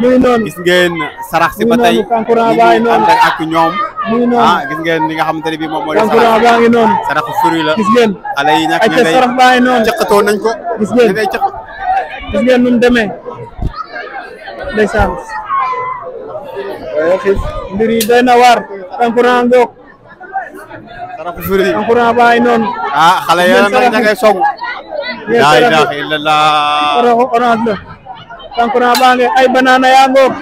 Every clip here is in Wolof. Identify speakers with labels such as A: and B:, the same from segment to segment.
A: muy noonu gis ngeen sarax si ba tey ñu ngi ànd ñoom ah gis ngeen li nga xam ne bii moom moo di sarax baa ngi noonu sarax la gis ngeen xale yi nag ñu lay sarax baa ngi noonu cëqatoo nañ ko gis ngeen lay cëq gis ngeen nun demee ndeysaan yi doy na waar kankurang ngoog sarax fruit kankurang baa ngi noonu ah xale yi nag ña ngay song la ilaha kankuran baa ngi ay banana yaa ngoog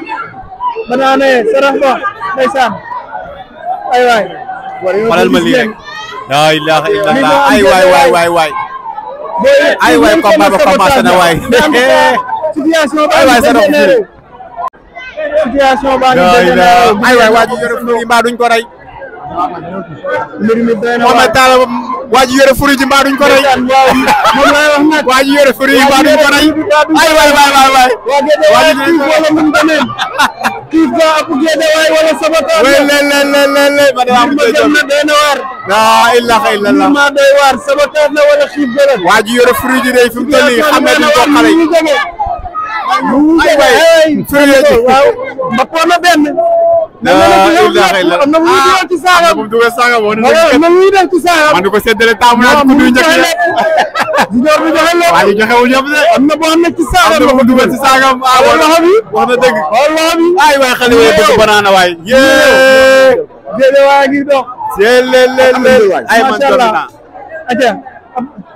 A: banana ye sarax ba ndeysaan ay waay xoolal ma lii rek la ilaha illallah ay waay waay waay waay ay waay combat ba commencé na waay situation baa ngi dégenéré situation baa ngi dégenéré ay waay waa ji yore mbir yi mbaa duñ ko rey mbir mi doy na waay waa ji yore furi ji mbaa duñ ko rey. moom laay wax nag. waa ji yore furi ji mbaa duñ ko rey. ay waay waay waay waay. waa ji kiif wala nu mu demee. kiif daa ab géede waay wala sabataan. wéy le le le le le. ma dem am doy na doy na waar. laa ilaha illallah. ma doy waar sabataan la wala xiif la. waa ji yore furi ji day fi mu toll nii xam nga duñ ko xale yi. ay waay furi ji waaw. ma ko na benn. am na muy dugal ci saagam moom dugal saagam woon na muy def ci saagam man ko séddale taamu naa ku duy njëkk ya jigéen bi joxe la waaye joxewul yëpp de am na boo xam ne ci saagam la ko dugal ci saagam ah loxo bi wax na dëgg loxo bi ay waay xale yi bëgg banaana waay yee déedéet waa ngi dox ay man dox naa